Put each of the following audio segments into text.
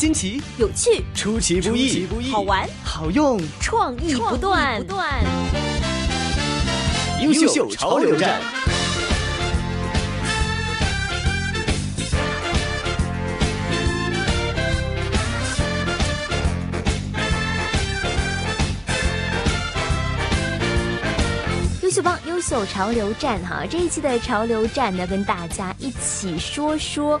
新奇、有趣、出其不意、好玩、好用、創意不斷、不斷優優。優秀潮流站、優秀幫優秀潮流站。哈，這一期的潮流站呢，跟大家一起說說。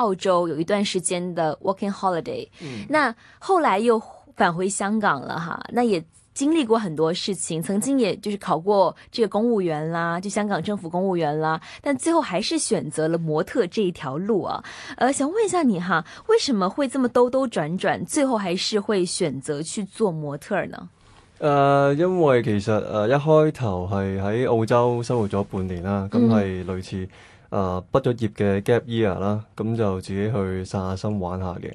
澳洲有一段時間的 working holiday，、嗯、那後來又返回香港了哈，那也經歷過很多事情，曾經也就是考過這個公務員啦，就香港政府公務員啦，但最後還是選擇了模特這一條路啊、呃。想問一下你哈，為什麼會這麼兜兜轉轉，最後還是會選擇去做模特呢？誒、呃，因為其實誒、呃、一開頭係喺澳洲生活咗半年啦，咁係類似、嗯。誒、uh, 畢咗業嘅 gap year 啦，咁就自己去散下心玩下嘅。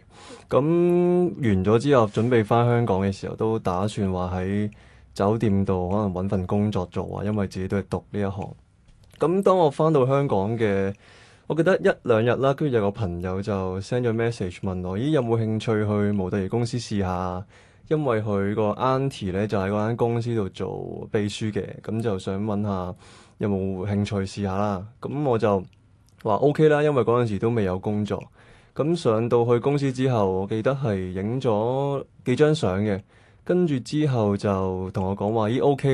咁完咗之後，準備翻香港嘅時候，都打算話喺酒店度可能揾份工作做啊，因為自己都係讀呢一行。咁當我翻到香港嘅，我記得一兩日啦，跟住有個朋友就 send 咗 message 問我，咦，有冇興趣去模特兒公司試下？因為佢個 aunty 咧就喺嗰間公司度做秘書嘅，咁就想揾下。有冇興趣試下啦？咁我就話 OK 啦，因為嗰陣時都未有工作。咁上到去公司之後，我記得係影咗幾張相嘅，跟住之後就同我講話，咦 OK，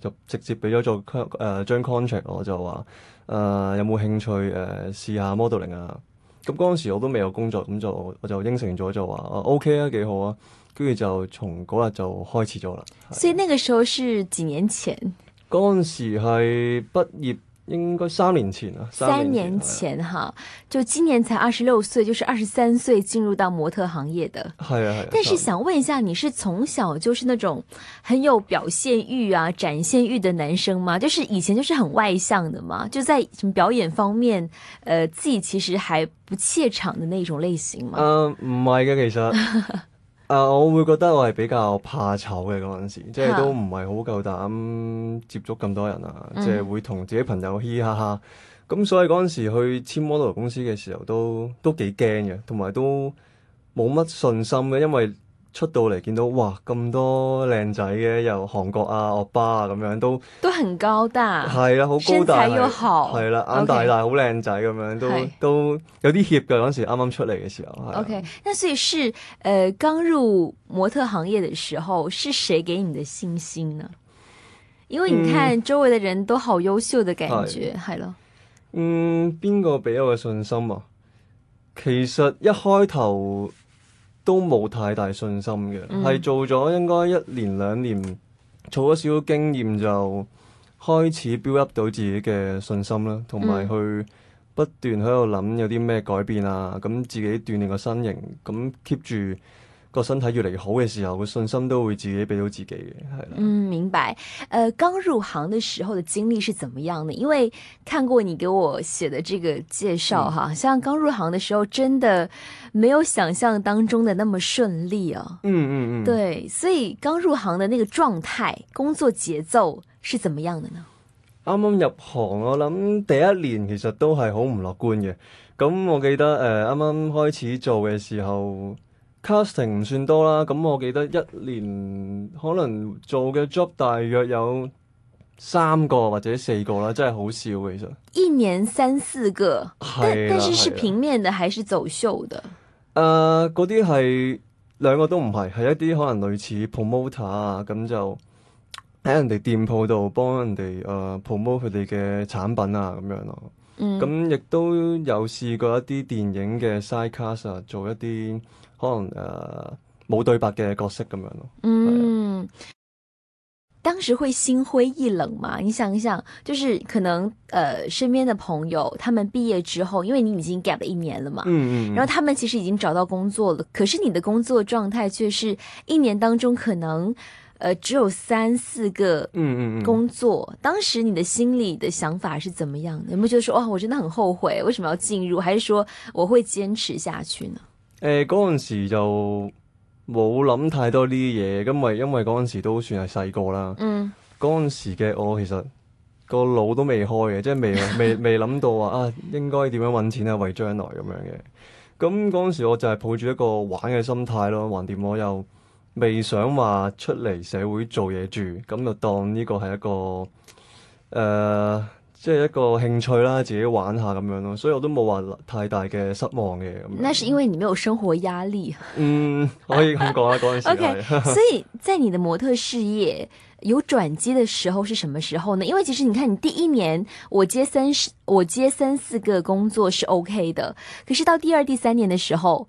就直接俾咗做、呃、張 contract，我就話誒、呃、有冇興趣誒、呃、試下 modeling 啊？咁嗰陣時我都未有工作，咁就我就應承咗，就、啊、話 OK 啊，幾好啊，跟住就從嗰日就開始咗啦。所以那個時候是幾年前。嗰陣時係畢業應該三年前啦、啊，三年前哈，前啊啊、就今年才二十六歲，就是二十三歲進入到模特行業的。係啊，係。但是想問一下，你是從小就是那種很有表現欲啊、展現欲的男生嗎？就是以前就是很外向的嘛？就在什麼表演方面，呃，自己其實還不怯場的那種類型嗎？唔係嘅，其實。 啊！Uh, 我會覺得我係比較怕醜嘅，嗰陣時，即係都唔係好夠膽接觸咁多人啊，Uh-huh. 即係會同自己朋友嘻嘻哈哈。咁所以嗰陣時去簽 model 公司嘅時候都，都幾都幾驚嘅，同埋都冇乜信心嘅，因為。出到嚟見到哇咁多靚仔嘅，由韓國啊、歐巴啊咁樣都都很高大，係啦，好高大，身材又好，係啦了，眼 okay, 大大好靚仔咁樣都 okay. 都有啲怯嘅嗰陣時，啱啱出嚟嘅時候。OK，那所以是誒、呃、剛入模特行業嘅時候，是誰給你的信心呢？因為你看周圍的人都好優秀嘅感覺係囉，嗯，邊個俾我嘅信心啊？其實一開頭，都冇太大信心嘅，係、嗯、做咗應該一年兩年，儲咗少少經驗就開始 build up 到自己嘅信心啦，同埋去不斷喺度諗有啲咩改變啊，咁自己鍛煉個身形，咁 keep 住。個身體越嚟越好嘅時候，個信心都會自己俾到自己嘅，係啦。嗯，明白。誒、呃，剛入行嘅時候嘅經歷是怎麼樣呢？因為看過你給我寫的這個介紹，哈，嗯，像剛入行嘅時候，真的沒有想象當中的那麼順利啊。嗯嗯嗯。嗯嗯，對，所以剛入行的那個狀態、工作節奏是怎麼樣的呢？啱啱入行，我諗第一年其實都係好唔樂觀嘅。咁我記得誒、啱、呃、啱開始做嘅時候。casting 唔算多啦，咁我記得一年可能做嘅 job 大約有三個或者四個啦，真係好少其實。一年三四個，啊、但但是是平面的是、啊、還是走秀的？誒、uh,，嗰啲係兩個都唔係，係一啲可能類似 promoter 啊，咁就喺人哋店鋪度幫人哋誒、uh, promote 佢哋嘅產品啊咁樣咯。嗯，咁亦都有試過一啲電影嘅 side cast 啊，做一啲。可能呃，冇對白嘅角色咁樣咯。嗯，是當時會心灰意冷嘛。你想一想，就是可能呃，身邊的朋友，他們畢業之後，因為你已經 gap 了一年了嘛。嗯嗯。然後他們其實已經找到工作了，可是你的工作狀態，卻是一年當中可能誒、呃、只有三四個嗯嗯工作。嗯嗯嗯當時你的心裏的想法是怎麼樣的？你有，有冇覺得說，哇，我真的很後悔，為什麼要進入？還是說我會堅持下去呢？誒，嗰陣時就冇諗太多呢啲嘢，咁咪因為嗰陣時都算係細個啦。嗯、嗰陣時嘅我其實個腦都未開嘅，即係未未未諗到話啊應該點樣揾錢啊為將來咁樣嘅。咁嗰陣時我就係抱住一個玩嘅心態咯，橫掂我又未想話出嚟社會做嘢住，咁就當呢個係一個誒，呃即係一個興趣啦，自己玩下咁樣咯，所以我都冇話太大嘅失望嘅咁樣。那係因為你沒有生活壓力。嗯，可以咁講啦。嗰陣時係。OK，所以在你的模特事業有轉機的時候是什麼時候呢？因為其實你看你第一年我接三十，我接三四個工作是 OK 的，可是到第二、第三年的時候。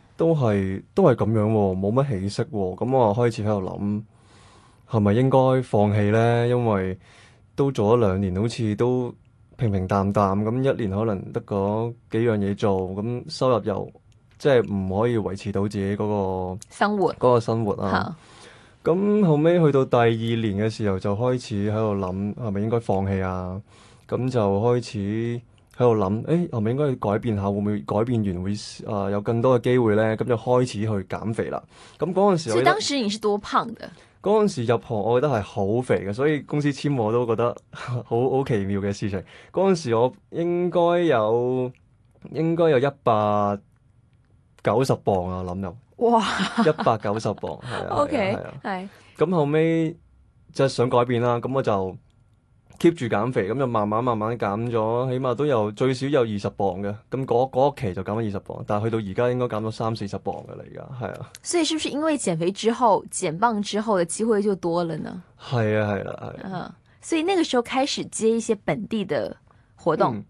都係都係咁樣喎，冇乜起色喎。咁我開始喺度諗，係咪應該放棄呢？因為都做咗兩年，好似都平平淡淡咁，一年可能得嗰幾樣嘢做，咁收入又即係唔可以維持到自己嗰個生活嗰個生活啊。咁好後尾去到第二年嘅時候，就開始喺度諗，係咪應該放棄啊？咁就開始。喺度諗，誒、欸，後尾應該要改變下，會唔會改變完會誒、呃、有更多嘅機會咧？咁就開始去減肥啦。咁嗰陣時，所以當時你是多胖嘅？嗰陣時入行，我覺得係好肥嘅，所以公司簽我都覺得好好奇妙嘅事情。嗰陣時我應該有應該有一百九十磅啊，我諗入，哇！一百九十磅係啊，係 okay, 啊，係、啊。咁、啊、okay. 後尾即係想改變啦，咁我就。Keep 住減肥，咁就慢慢慢慢減咗，起碼都有最少有二十磅嘅，咁嗰一期就減咗二十磅，但係去到而家應該減咗三四十磅嘅啦，而家係啊。所以是不是因為減肥之後減磅之後嘅機會就多了呢？係啊係啊係。啊。啊啊所以那個時候開始接一些本地嘅活動。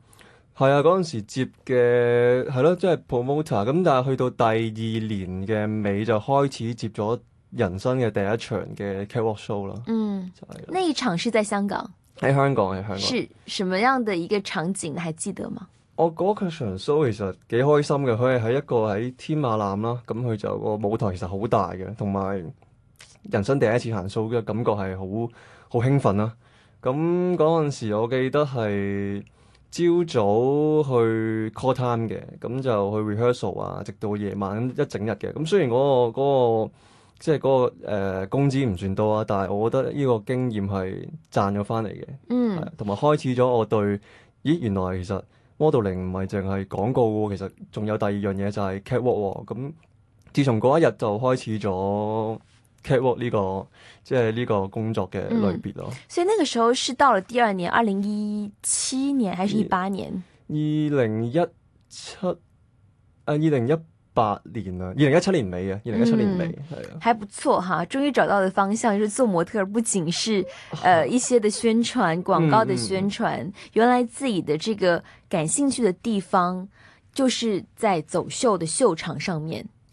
係、嗯、啊，嗰陣時接嘅係咯，即係 promoter 咁，就是、prom oter，但係去到第二年嘅尾就開始接咗人生嘅第一場嘅 catwalk show 啦。嗯，就係、啊、那一場是在香港。喺香港，喺香港，是什麼樣的一個場景？還記得嗎？我嗰個巡 show, show 其實幾開心嘅，佢係喺一個喺天馬艦啦，咁佢就有個舞台，其實好大嘅，同埋人生第一次行 show 嘅感覺係好好興奮啦。咁嗰陣時，我記得係朝早去 call time 嘅，咁就去 rehearsal 啊，直到夜晚一整日嘅。咁雖然我、那個、那個即係嗰個、呃、工資唔算多啊，但係我覺得呢個經驗係賺咗翻嚟嘅，嗯，同埋開始咗我對咦原來其實 modeling 唔係淨係廣告喎，其實仲有第二樣嘢就係 catwalk 喎。咁自從嗰一日就開始咗 catwalk 呢個即係呢個工作嘅類別咯、嗯。所以那個時候是到了第二年，二零一七年還是一八年？二零一七啊，二零一八年啊，二零一七年尾啊，二零一七年尾係、嗯、啊，還不錯哈，終於找到的方向，就是做模特，不僅是，誒、呃、一些的宣傳廣告的宣傳，嗯嗯、原來自己的這個感興趣的地方，就是在走秀的秀場上面。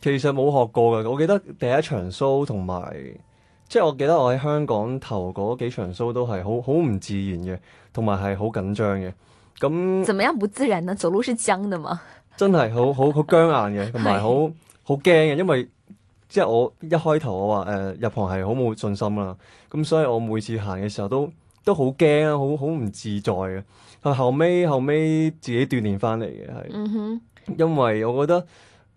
其實冇學過噶，我記得第一場 show 同埋，即係我記得我喺香港頭嗰幾場 show 都係好好唔自然嘅，同埋係好緊張嘅。咁，怎麼樣不自然呢？走路是僵的嗎？ 真係好好好僵硬嘅，同埋好好驚嘅，因為即係我一開頭我話誒、呃、入行係好冇信心啦，咁所以我每次行嘅時候都都好驚啊，好好唔自在嘅。但後尾後尾自己鍛煉翻嚟嘅係，嗯、哼因為我覺得。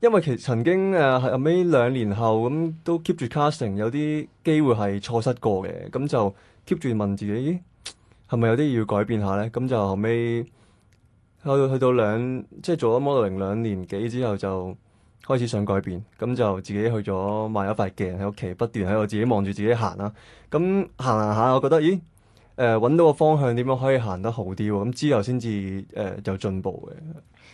因為其曾經誒、啊、後尾兩年後咁、嗯、都 keep 住 casting 有啲機會係錯失過嘅，咁、嗯、就 keep 住問自己，係咪有啲要改變下咧？咁、嗯、就後尾去去到兩即係做咗 modeling 兩年幾之後，就開始想改變，咁、嗯、就自己去咗買咗塊鏡喺屋企，不斷喺我自己望住自己行啦、啊。咁行行下，我覺得咦。誒，搵、呃、到個方向，點樣可以行得好啲、哦？咁之後先至誒有進步嘅。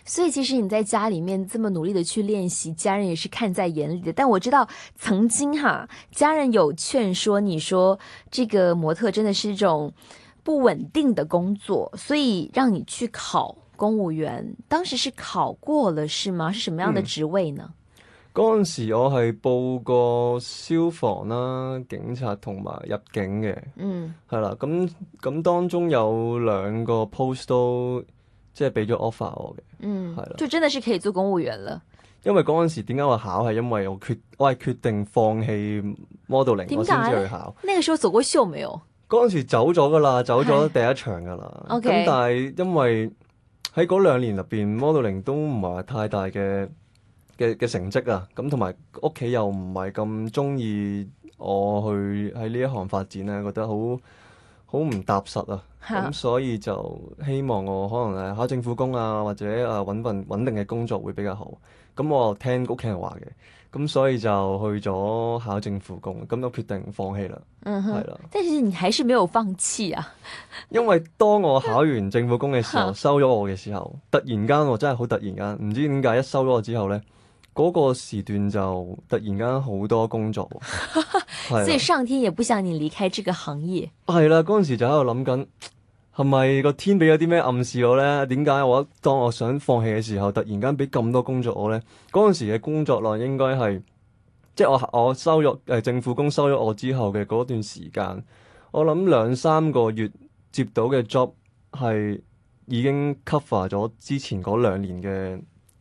所以其實你在家裏面這麼努力的去練習，家人也是看在眼裏的。但我知道曾經哈、啊，家人有勸說你說，這個模特真的是一種不穩定的工作，所以讓你去考公務員。當時是考過了，是嗎？是什麼樣的職位呢？嗯嗰陣時我係報過消防啦、啊、警察同埋入境嘅，嗯，係啦，咁咁當中有兩個 post 都即係俾咗 offer 我嘅，嗯，係啦的，就真係是可以做公務員啦。因為嗰陣時點解我考係因為我決我係決定放棄 modeling，我先至去考。那個時候走過秀沒有？嗰陣時走咗噶啦，走咗第一場噶啦。咁但係因為喺嗰兩年入邊 modeling 都唔係話太大嘅。嘅嘅成績啊，咁同埋屋企又唔係咁中意我去喺呢一行發展啊，覺得好好唔踏實啊，咁好、嗯、所以就希望我可能誒考政府工啊，或者誒揾份穩定嘅工作會比較好。咁、嗯、我聽屋企人話嘅，咁、嗯、所以就去咗考政府工，咁、嗯、都決定放棄啦，係啦。但是你還是沒有放棄啊， 因為當我考完政府工嘅時候收咗我嘅時候，突然間我真係好突然間，唔知點解一收咗我之後咧。嗰個時段就突然間好多工作， 啊、 所以上天也不想你離開這個行業。係啦、啊，嗰陣時就喺度諗緊，係咪個天俾咗啲咩暗示我咧？點解我當我想放棄嘅時候，突然間俾咁多工作我咧？嗰陣時嘅工作量應該係，即係我我收入誒政府工收咗我之後嘅嗰段時間，我諗兩三個月接到嘅 job 係已經 cover 咗之前嗰兩年嘅。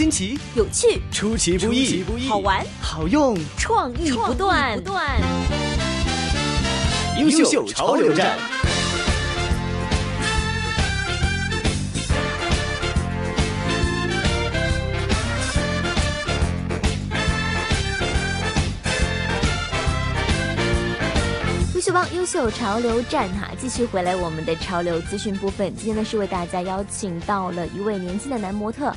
新奇、有趣、出其不意、好玩、好用、創意創不斷、不斷，優秀潮流戰。優秀幫優秀潮流戰哈，繼續回來我們的潮流資訊部分。今天呢，是為大家邀請到了一位年輕的男模特。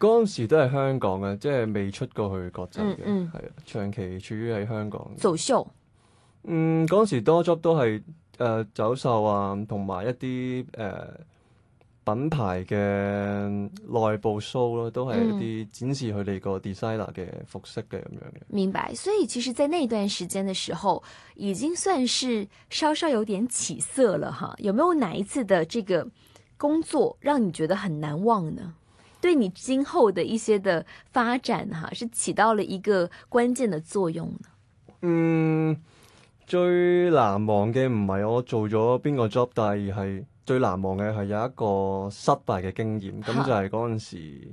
嗰陣時都係香港嘅，即係未出過去國際嘅，係啊、嗯嗯，長期處於喺香港。走秀，嗯，嗰陣時多 job 都係誒、呃、走秀啊，同埋一啲誒、呃、品牌嘅內部 show 咯、啊，都係一啲展示佢哋個 designer 嘅服飾嘅咁樣嘅、嗯。明白，所以其實在呢段時間嘅時候，已經算是稍稍有點起色了哈。有冇哪一次的這個工作，讓你覺得很難忘呢？對你今後的一些的發展、啊，哈，是起到了一個關鍵的作用呢。嗯，最難忘嘅唔係我做咗邊個 job，但係係最難忘嘅係有一個失敗嘅經驗。咁好、嗯、就係嗰陣時，誒、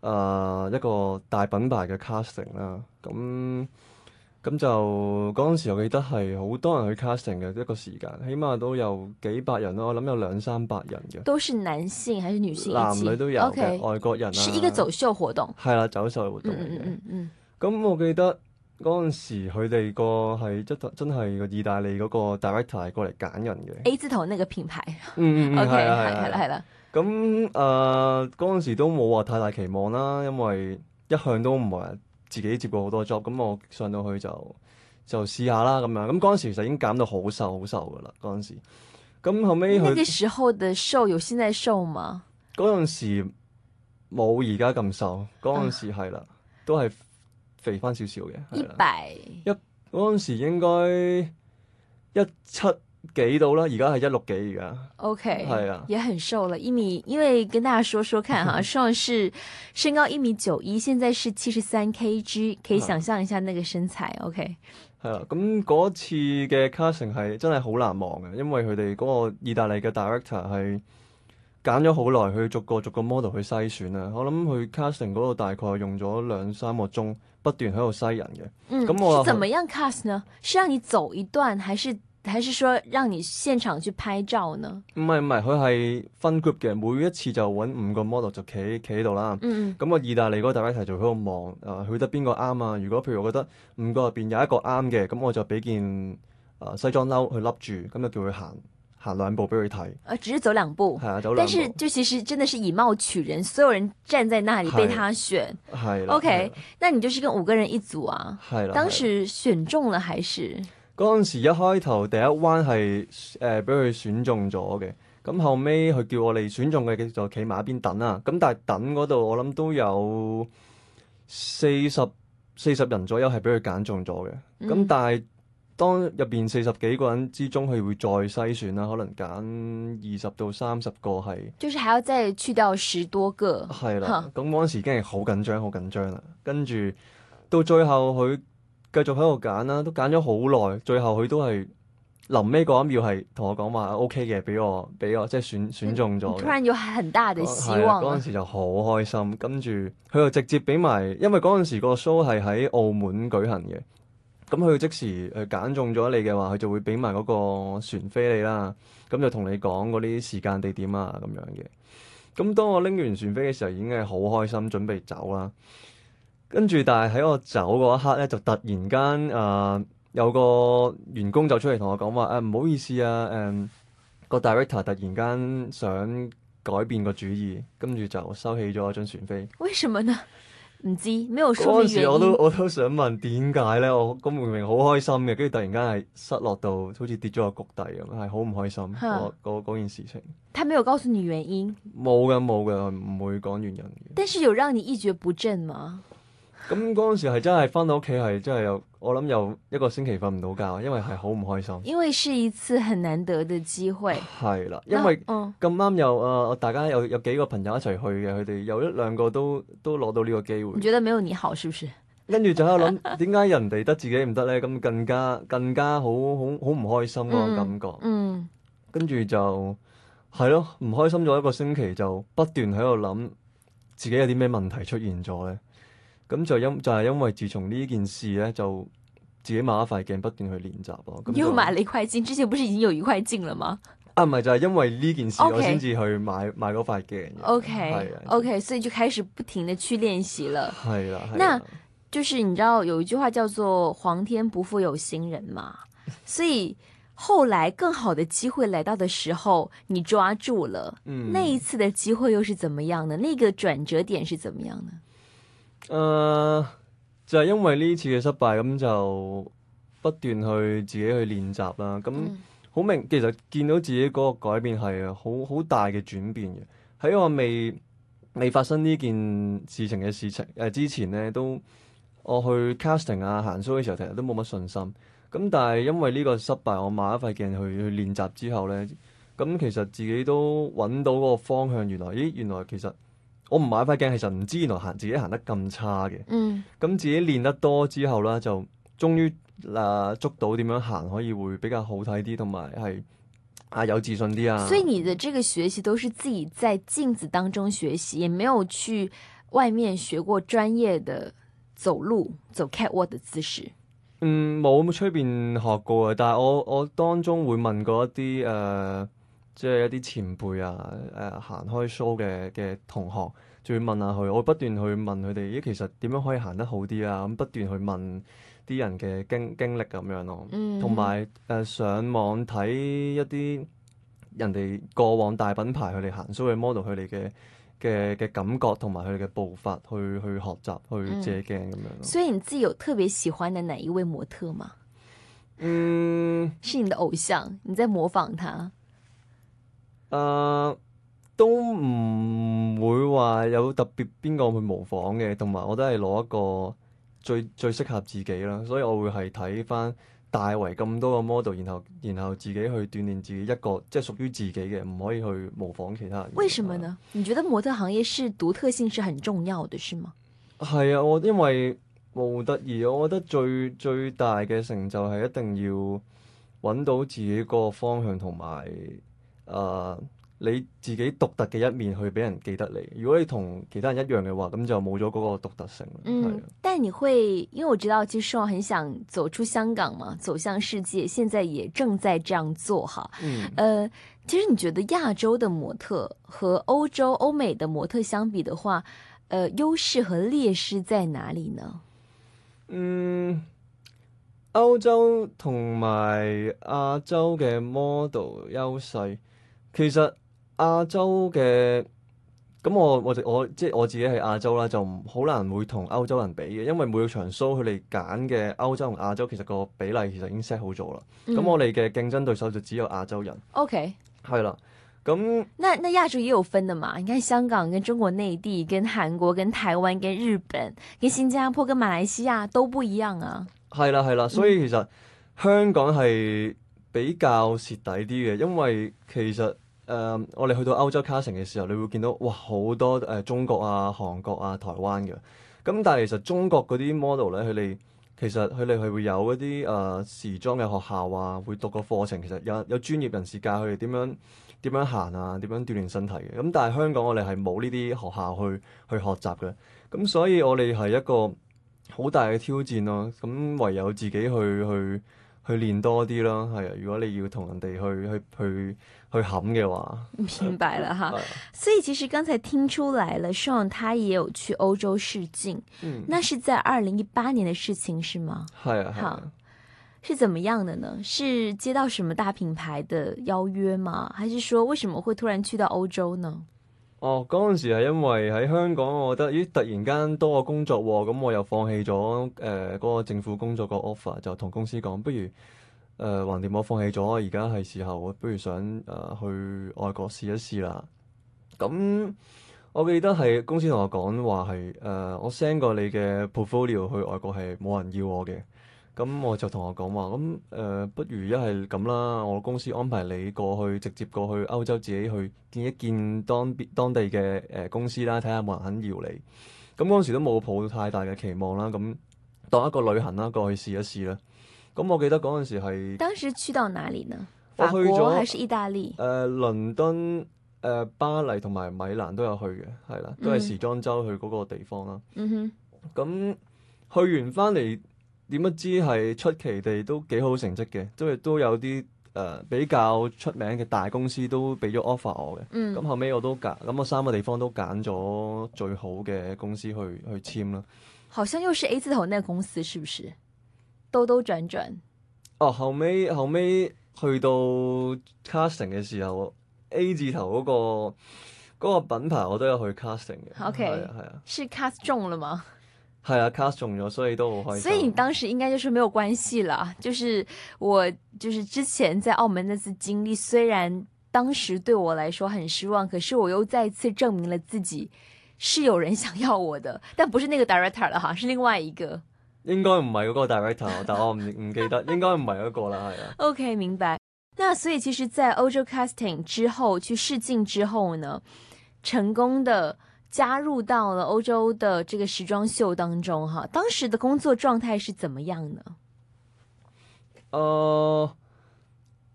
呃、一個大品牌嘅 casting 啦、嗯，咁。咁就嗰陣時，我記得係好多人去 casting 嘅一個時間，起碼都有幾百人咯。我諗有兩三百人嘅。都是男性還是女性？男女都有嘅，外國人啊。是一個走秀活動。係啦，走秀活動。嗯。咁我記得嗰陣時，佢哋個係真係個意大利嗰個 director 係過嚟揀人嘅。A 字頭呢個品牌。嗯嗯 OK 係係啦係啦。咁啊，嗰陣時都冇話太大期望啦，因為一向都唔係。自己接過好多 job，咁我上到去就就試下啦咁樣。咁嗰陣時其實已經減到好瘦好瘦噶啦嗰陣時。咁後尾，呢啲時候嘅瘦有現在瘦嘛？嗰陣時冇而家咁瘦，嗰陣時係啦，啊，都係肥翻少少嘅。一百？一嗰陣時應該一七。幾度啦？而家係一六幾而家。O K，係啊，也很瘦啦，一米。因為跟大家說說看哈、啊，算是 身高一米九一，現在是七十三 K G，可以想象一下那個身材。O K，係啦，咁嗰 Okay、啊、次嘅 casting 係真係好難忘嘅，因為佢哋嗰個意大利嘅 director 係揀咗好耐，去逐個逐個 model 去篩選啊。我諗佢 casting 嗰度大概用咗兩三個鐘，不斷喺度篩人嘅。嗯，咁我係怎麼樣 cast 呢？是讓你走一段，還是？還是說讓你現場去拍照呢？唔係唔係，佢係分 group 嘅，每一次就揾五個 model 就企企喺度啦。嗯，咁個意大利嗰個 director 就喺度望，誒，去得邊個啱啊？如果譬如我覺得五個入邊有一個啱嘅，咁我就俾件誒西裝褸去笠住，咁就叫佢行行兩步俾佢睇。啊，只係走兩步係啊，走兩步，但是就其實真的是以貌取人，所有人站在那裏被他選。係，OK，那你就是跟五個人一組啊？係啦，當時選中了還是？嗰陣時一開頭第一彎係誒俾佢選中咗嘅，咁後尾佢叫我哋選中嘅就企埋一邊等啊，咁但係等嗰度我諗都有四十四十人左右係俾佢揀中咗嘅，咁、嗯、但係當入邊四十幾個人之中，佢會再篩選啦，可能揀二十到三十個係。就係還要再去掉十多個。係啦的，咁嗰陣時已經係好緊張，好緊張啦。跟住到最後佢。繼續喺度揀啦，都揀咗好耐，最後佢都係臨尾嗰一秒係同我講話 OK 嘅，俾、OK、我俾我即係選選中咗。突然有很大嘅希望，啊。嗰陣，啊啊、時就好開心，跟住佢就直接俾埋，因為嗰陣時個 show 係喺澳門舉行嘅。咁佢即時誒揀中咗你嘅話，佢就會俾埋嗰個船飛你啦。咁就同你講嗰啲時間地點啊咁樣嘅。咁當我拎完船飛嘅時候，已經係好開心，準備走啦。跟住，但係喺我走嗰一刻咧，就突然間誒、呃、有個員工就出嚟同我講話，誒，唔好意思啊，誒、嗯、個 director 突然間想改變個主意，跟住就收起咗張船飛。為什麼呢？唔知，沒有說。嗰陣時我都我都想問點解咧？我咁明明好開心嘅，跟住突然間係失落到好似跌咗個谷底咁，係好唔開心。嗰、啊、件事情。他沒有告訴你原因。冇噶，冇噶，唔會講原因。但是有讓你一蹶不振嗎？咁嗰陣時係真係翻到屋企係真係又。我諗又一個星期瞓唔到覺，因為係好唔開心。因為是一次很難得嘅機會，係啦，因為咁啱又誒，大家有有幾個朋友一齊去嘅，佢哋有一兩個都都攞到呢個機會。你覺得沒有你好，是不是？跟住就喺度諗，點解 人哋得自己唔得咧？咁更加更加好好好唔開心嗰個感覺。嗯，嗯跟住就係咯，唔開心咗一個星期，就不斷喺度諗自己有啲咩問題出現咗咧。咁就因就係、是、因為自從呢件事咧，就自己買一塊鏡，不斷去練習咯。你又買了一塊鏡，之前不是已經有一塊鏡了嗎？啊，唔係就係、是、因為呢件事我先至去買 Okay. 買嗰塊鏡。OK，OK，所以就開始不停的去練習了。係啦， 那就是你知道有一句話叫做“皇天不負有心人”嘛，所以後來更好的機會來到的時候，你抓住了。 嗯，那一次的機會又是怎麼樣呢？那個轉折點是怎麼樣呢？誒、uh, 就係因為呢次嘅失敗，咁就不斷去自己去練習啦。咁好明，其實見到自己嗰個改變係好好大嘅轉變嘅。喺我未未發生呢件事情嘅事情誒、呃、之前咧，都我去 casting 啊、行 show 嘅時候，其實都冇乜信心。咁但係因為呢個失敗，我買咗塊鏡去去練習之後咧，咁其實自己都揾到嗰個方向。原來，咦，原來其實～我唔買塊鏡，其實唔知原來行自己行得咁差嘅。咁、嗯、自己練得多之後啦，就終於啊捉、呃、到點樣行可以會比較好睇啲，同埋係啊有自信啲啊。所以你的這個學習都是自己在鏡子當中學習，也沒有去外面學過專業的走路走 catwalk 的姿勢。嗯，冇冇出邊學過啊！但係我我當中會問過一啲誒。呃即係一啲前輩啊，誒、呃、行開 show 嘅嘅同學，仲要問下佢，我不斷去問佢哋，咦，其實點樣可以行得好啲啊？咁不斷去問啲人嘅經經歷咁樣咯、啊，同埋誒上網睇一啲人哋過往大品牌佢哋行 show 嘅 model 佢哋嘅嘅嘅感覺同埋佢哋嘅步伐去去學習去借鏡咁樣、嗯。所以你自己有特別喜歡嘅哪一位模特嗎？嗯，是你的偶像，你在模仿他。誒，uh, 都唔會話有特別邊個去模仿嘅，同埋我都係攞一個最最適合自己啦。所以我會係睇翻大圍咁多個 model，然後然後自己去鍛煉自己一個即係屬於自己嘅，唔可以去模仿其他人。為什麼呢？你覺得模特行業是獨特性是很重要嘅，是嗎？係啊，我因為好得意，我覺得最最大嘅成就係一定要揾到自己個方向同埋。啊！Uh, 你自己獨特嘅一面去俾人記得你。如果你同其他人一樣嘅話，咁就冇咗嗰個獨特性。嗯，的但你會因為我知道，其實我很想走出香港嘛，走向世界，現在也正在這樣做哈。嗯，誒，uh, 其實你覺得亞洲的模特和歐洲、歐美的模特相比的話，誒、呃，優勢和劣勢在哪裏呢？嗯，歐洲同埋亞洲嘅 model 優勢。其實亞洲嘅，咁我我我即係我自己係亞洲啦，就好難會同歐洲人比嘅，因為每場 show 佢哋揀嘅歐洲同亞洲其實個比例其實已經 set 好咗啦。咁、嗯、我哋嘅競爭對手就只有亞洲人。OK，係啦。咁、嗯、那，那亞洲也有分的嘛？你看香港跟中國內地、跟韓國、跟台灣、跟日本、跟新加坡、跟馬來西亞都不一樣啊。係啦係啦，啦，所以其實香港係比較蝕底啲嘅，因為其實。誒，uh, 我哋去到歐洲卡城嘅時候，你會見到哇好多誒、呃、中國啊、韓國啊、台灣嘅。咁但係其實中國嗰啲 model 咧，佢哋其實佢哋係會有一啲誒、呃、時裝嘅學校啊，會讀個課程，其實有有專業人士教佢哋點樣點樣行啊，點樣鍛鍊身體嘅。咁但係香港我哋係冇呢啲學校去去學習嘅。咁所以我哋係一個好大嘅挑戰咯、啊。咁唯有自己去去。去練多啲咯，係啊！如果你要同人哋去去去去冚嘅話，明白了，啊，所以其實剛才聽出來了 Shawn 他也有去歐洲試鏡，嗯，那是在二零一八年的事情，是嗎？係啊，好，是怎麼樣的呢？是接到什麼大品牌的邀約嗎？還是說為什麼會突然去到歐洲呢？哦，嗰陣時係因為喺香港，我覺得咦，突然間多個工作喎，咁、嗯、我又放棄咗誒嗰個政府工作個 offer，就同公司講，不如誒橫掂我放棄咗，而家係時候，不如想誒、呃、去外國試一試啦。咁、嗯、我記得係公司同我講話係誒，我 send 過你嘅 portfolio 去外國係冇人要我嘅。咁我就同我講話，咁誒、呃、不如一係咁啦，我公司安排你過去，直接過去歐洲自己去見一見當地當地嘅誒公司啦，睇下有冇人肯要你。咁嗰陣時都冇抱太大嘅期望啦，咁當一個旅行啦，過去試一試啦。咁我記得嗰陣時係當時去到哪裏呢？我去咗，法國還是意大利？誒、呃，倫敦、誒、呃、巴黎同埋米蘭都有去嘅，係啦，都係時裝周去嗰個地方啦。嗯哼，咁去完翻嚟。點不知係出奇地都幾好成績嘅，都亦都有啲誒、呃、比較出名嘅大公司都俾咗 offer 我嘅。嗯。咁後尾我都揀咁，我三個地方都揀咗最好嘅公司去去簽啦。好像又是 A 字頭呢個公司，是不是兜兜轉轉？哦、啊，後尾後尾去到 casting 嘅時候，A 字頭嗰、嗰個、嗰個品牌我都有去 casting 嘅。O K 係啊。啊，是 cast 中了嘛。係啊，cast 中咗，所以都好開心。所以你當時應該就是沒有關係啦。就是我，就是之前在澳門那次經歷，雖然當時對我來說很失望，可是我又再一次證明了自己是有人想要我的，但不是那個 director 了哈，是另外一個。應該唔係嗰個 director，但我唔唔記得， 應該唔係嗰個啦，係啊。OK，明白。那所以其實，在歐洲 casting 之後去試鏡之後呢，成功的。加入到了歐洲的這個時裝秀當中，哈，當時的工作狀態是怎麼樣呢？哦、呃，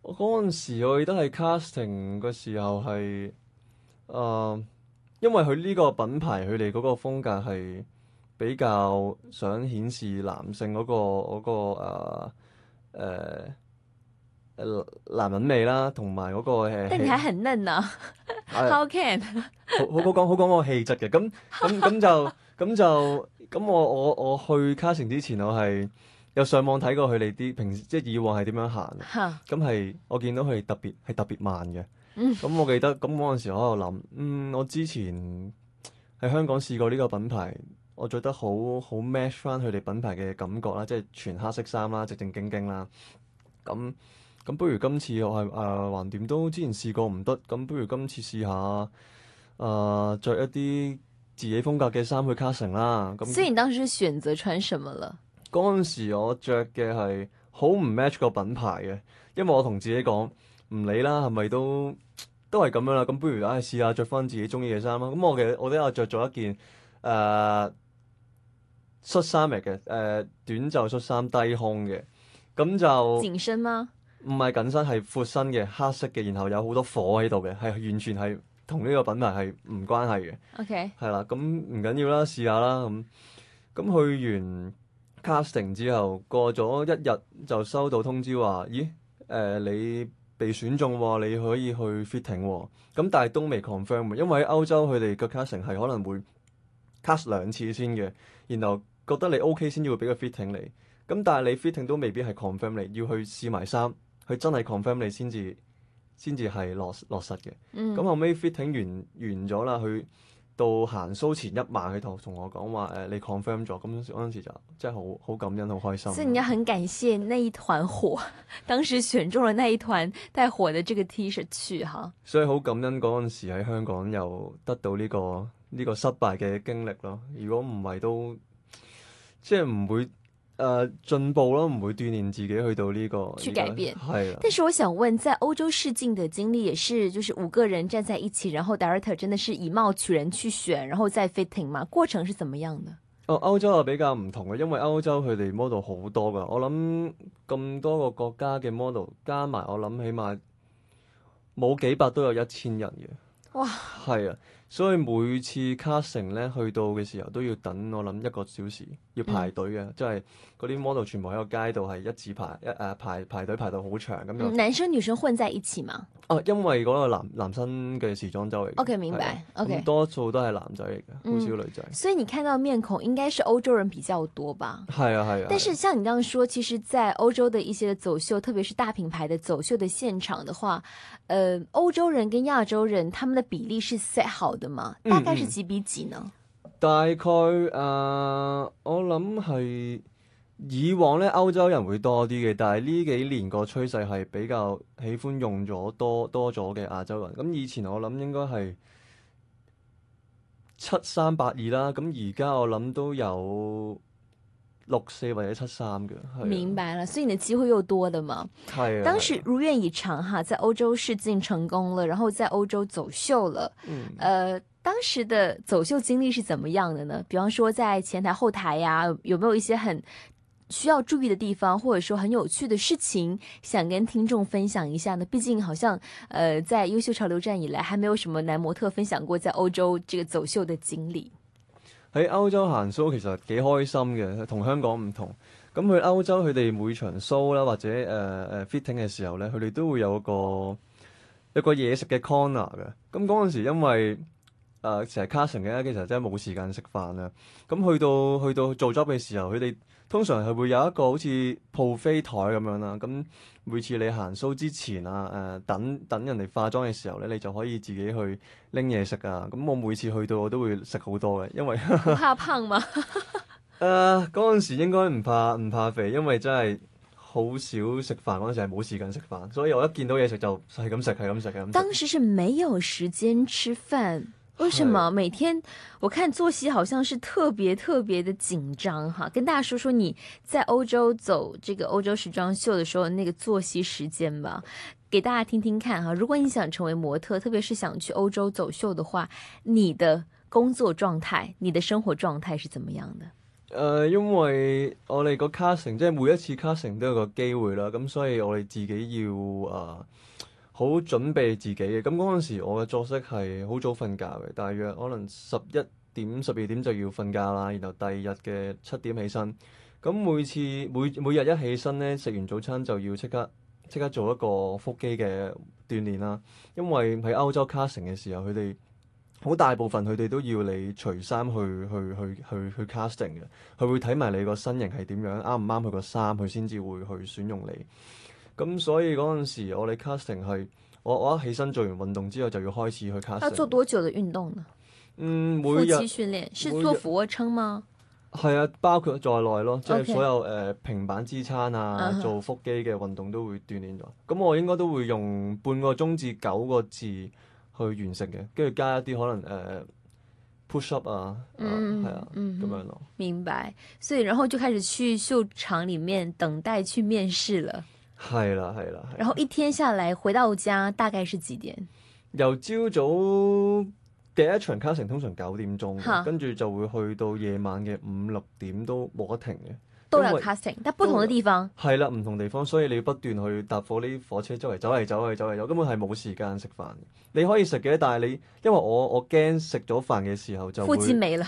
我嗰陣時我記得係 casting 嘅時候係，啊、呃，因為佢呢個品牌佢哋嗰個風格係比較想顯示男性嗰、嗰個、嗰個啊，誒、呃呃，男人味啦，同埋嗰個誒，但你還很嫩啊。 好好講好講個氣質嘅，咁咁咁就咁就咁我我我去 casting 之前，我係有上網睇過佢哋啲平時即係以往係點樣行，咁係 我見到佢哋特別係特別慢嘅。咁我記得咁嗰陣時我喺度諗，嗯，我之前喺香港試過呢個品牌，我著得好好 match 翻佢哋品牌嘅感覺啦，即係全黑色衫啦，直正經經啦，咁。咁不如今次我係誒橫掂都之前試過唔得，咁不如今次試下誒着、呃、一啲自己風格嘅衫去 casting 啦。咁所然以你當時選擇穿什麼了？嗰陣時我着嘅係好唔 match 個品牌嘅，因為我同自己講唔理啦，係咪都都係咁樣啦。咁不如唉試、哎、下着翻自己中意嘅衫啦。咁我嘅我都有着咗一件誒恤衫嚟嘅，誒、呃呃、短袖恤衫低胸嘅，咁就緊身啦。唔係緊身係闊身嘅黑色嘅，然後有好多火喺度嘅，係完全係同呢個品牌係唔關係嘅。OK 係啦，咁唔緊要啦，試下啦咁。咁去完 casting 之後，過咗一日就收到通知話，咦誒、呃，你被選中喎，你可以去 fitting 喎、哦。咁但係都未 confirm，因為喺歐洲佢哋個 casting 係可能會 cast 兩次先嘅，然後覺得你 OK 先要俾個 fitting 你。咁但係你 fitting 都未必係 confirm 你，要去試埋衫。佢真係 confirm 你先至，先至係落落實嘅。咁、嗯、後尾 fitting 完完咗啦，佢到行 show 前一晚，佢同同我講話誒，你 confirm 咗。咁嗰陣時就真係好好感恩，好開心。所以你要很感謝那一團火， 當時選中了那一團帶火的這個 T 恤去。去哈。所以好感恩嗰陣時喺香港又得到呢、呢個呢、呢個失敗嘅經歷咯。如果唔係都即係唔會。誒，進、呃、步咯，唔會鍛煉自己去到呢個去改變係。在但是我想問，在歐洲試鏡嘅經歷也是，就是五個人站在一起，然後 director 真的是以貌取人去選，然後再 fitting 嘛？過程是怎麼樣的？哦，歐洲啊比較唔同嘅，因為歐洲佢哋 model 好多㗎，我諗咁多個國家嘅 model 加埋，我諗起碼冇幾百都有一千人嘅。哇！係啊。所以每次 casting 咧去到嘅時候都要等，我諗一個小時要排隊嘅，即係嗰啲 model 全部喺個街度係一字排一誒、啊、排排隊排到好長咁樣。男生女生混在一起嘛哦、啊，因為嗰個男男生嘅時裝周嚟。OK 明白。OK 多數都係男仔嚟嘅，好少女仔、嗯。所以你看到面孔應該是歐洲人比較多吧？係啊係啊。但是像你剛剛說其實在歐洲的一些走秀，特別是大品牌的走秀的現場的話，誒、呃、歐洲人跟亞洲人他們的比例是 set 好,好。大概是幾比幾呢？大概誒、呃，我諗係以往咧，歐洲人會多啲嘅，但係呢幾年個趨勢係比較喜歡用咗多多咗嘅亞洲人。咁、嗯、以前我諗應該係七三八二啦，咁而家我諗都有。六四或者七三嘅，的明白了，所以你的機會又多了嘛。係啊，當時如願以償哈，在歐洲試鏡成功了，然後在歐洲走秀了。嗯，呃，當時的走秀經歷是怎麼樣的呢？比方說在前台後台呀、啊，有沒有一些很需要注意的地方，或者說很有趣的事情，想跟聽眾分享一下呢？畢竟好像，呃，在《優秀潮流站》以來，還沒有什麼男模特分享過在歐洲這個走秀的經歷。喺歐洲行 show 其實幾開心嘅，同香港唔同。咁去歐洲佢哋每場 show 啦，或者誒誒、uh, fitting 嘅時候咧，佢哋都會有個一個嘢食嘅 corner 嘅。咁嗰陣時因為誒成、呃、日 casting 嘅，其實真係冇時間食飯喇。咁去到去到做 job 嘅時候，佢哋。通常係會有一個好似鋪飛台咁樣啦，咁每次你行 show 之前啊，誒、呃、等等人哋化妝嘅時候咧，你就可以自己去拎嘢食啊。咁我每次去到我都會食好多嘅，因為 怕胖嘛。誒嗰陣時應該唔怕唔怕肥，因為真係好少食飯。嗰陣時係冇時間食飯，所以我一見到嘢食就係咁食，係咁食咁。當時是沒有時間吃飯。為什麼每天我看作息好像是特別特別的緊張哈？跟大家說說你在歐洲走這個歐洲時裝秀的時候那個作息時間吧，給大家聽聽看哈、啊。如果你想成為模特，特別是想去歐洲走秀的話，你的工作狀態、你的生活狀態是怎麼樣的？呃，因為我哋個 casting 即係每一次 casting 都有個機會啦，咁所以我哋自己要啊。呃好準備自己嘅，咁嗰陣時我嘅作息係好早瞓覺嘅，大約可能十一點十二點就要瞓覺啦，然後第二日嘅七點起身。咁每次每每日一起身咧，食完早餐就要即刻即刻做一個腹肌嘅鍛煉啦。因為喺歐洲 casting 嘅時候，佢哋好大部分佢哋都要你除衫去去去去去 casting 嘅，佢會睇埋你個身形係點樣，啱唔啱佢個衫，佢先至會去選用你。咁所以嗰陣時我，我哋 casting 係我我一起身做完運動之後就要開始去 casting。要做多久嘅運動呢？嗯，每日。腹肌訓練是做俯卧撐嗎？係啊，包括在內咯，即係 Okay。所有誒、呃、平板支撐啊，做腹肌嘅運動都會鍛鍊咗。咁我應該都會用半個鐘至九個字去完成嘅，跟住加一啲可能誒 push up 啊，係啊，咁樣咯。明白，所以然後就開始去秀場裡面等待去面試了。係啦，係啦。係啦，然後一天下嚟回到家大概是幾點？由朝早第一場 casting 通常九點鐘，跟住 Huh? 就會去到夜晚嘅五六點都冇得停嘅。都有 casting，但不同嘅地方係啦，唔同地方，所以你不斷去搭火呢火車周圍走嚟走去走嚟走，根本係冇時間食飯。你可以食嘅，但係你因為我我驚食咗飯嘅時候就苦滋味啦，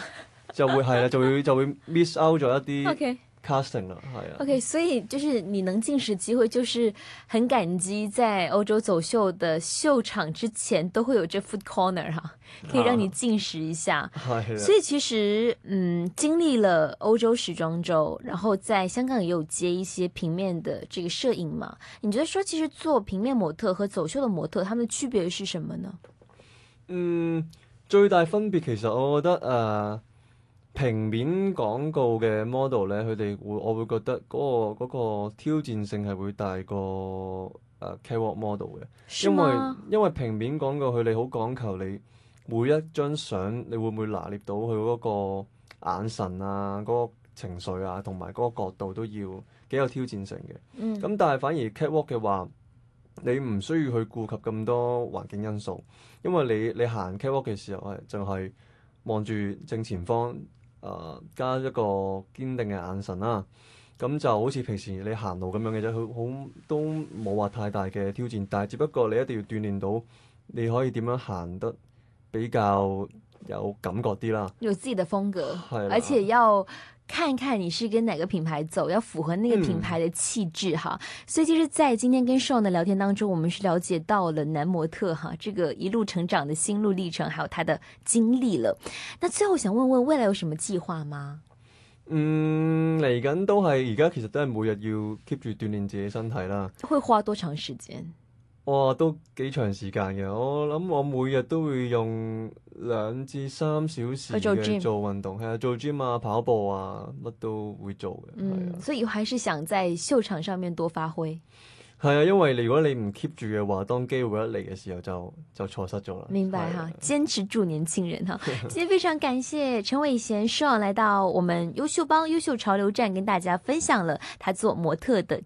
就會係啦，就會，就會，就，會就會 miss out 咗一啲。casting 咯，係啊。OK，所以就是你能進食機會，就是很感激在歐洲走秀的秀場之前都會有這 food corner 哈、啊， 可以讓你進食一下。係的，所以其實嗯，經歷了歐洲時裝周，然後在香港也有接一些平面的這個攝影嘛。你覺得說，其實做平面模特和走秀的模特，他們的區別是什麼呢？嗯，最大分別其實我覺得呃。平面廣告嘅 model 咧，佢哋會我會覺得嗰個嗰個挑戰性係會大過誒 catwalk model 嘅。嗎因為因為平面廣告佢，你好講求你每一張相你會唔會拿捏到佢嗰個眼神啊、嗰個情緒啊，同埋嗰個角度都要幾有挑戰性嘅。咁、嗯、但係反而 catwalk 嘅話，你唔需要去顧及咁多環境因素，因為你你行 catwalk 嘅時候係就係望住正前方。誒加一個堅定嘅眼神啦，啊，咁就好似平時你行路咁樣嘅啫，好好都冇話太大嘅挑戰，但係只不過你一定要鍛煉到你可以點樣行得比較。有感覺啲啦，有自己的風格，啦而且要看看你是跟哪個品牌走，要符合那個品牌的氣質哈。嗯，所以其實在今天跟 Shawn 的聊天當中，我們是了解到了男模特哈這個一路成長的心路歷程，還有他的經歷了。那最後想問問，未來有什麼計劃嗎？嗯，嚟緊都係而家，其實都係每日要 keep 住鍛煉自己身體啦。會花多長時間？哇，都幾長時間嘅。我諗我每日都會用兩至三小時嘅做運動，係啊，做 gym 啊，跑步啊，乜都會做嘅。嗯，啊、所以我還是想在秀場上面多發揮。係啊，因為如果你唔 keep 住嘅話，當機會一嚟嘅時候就就錯失咗啦。明白哈、啊，啊、堅持住，年輕人哈、啊。 今日非常感謝陳偉賢 Sir 來到我們優秀幫優秀潮流站，跟大家分享了他做模特的。